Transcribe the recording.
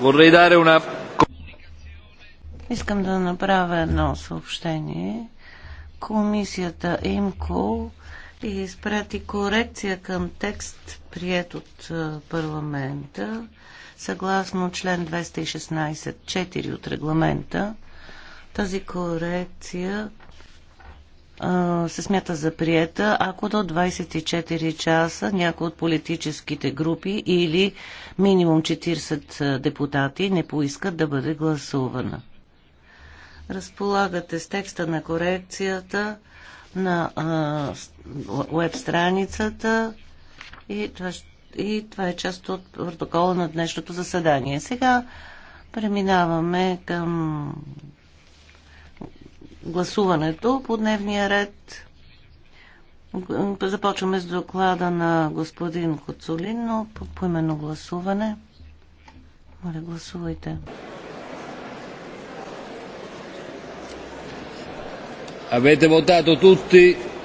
Vorrei dare una... Искам да направя едно съобщение. Комисията ИМКО изпрати корекция към текст, прият от парламента, съгласно член 216.4 от регламента. Тази корекция се смята за приета, ако до 24 часа някои от политическите групи или минимум 40 депутати не поискат да бъде гласувана. Разполагате с текста на корекцията на веб страницата и това, и това е част от протокола на днешното заседание. Сега преминаваме към гласуването по дневния ред. Започваме с доклада на господин Коцулин, но по именно гласуване. Моля, гласувайте. Avete votato tutti?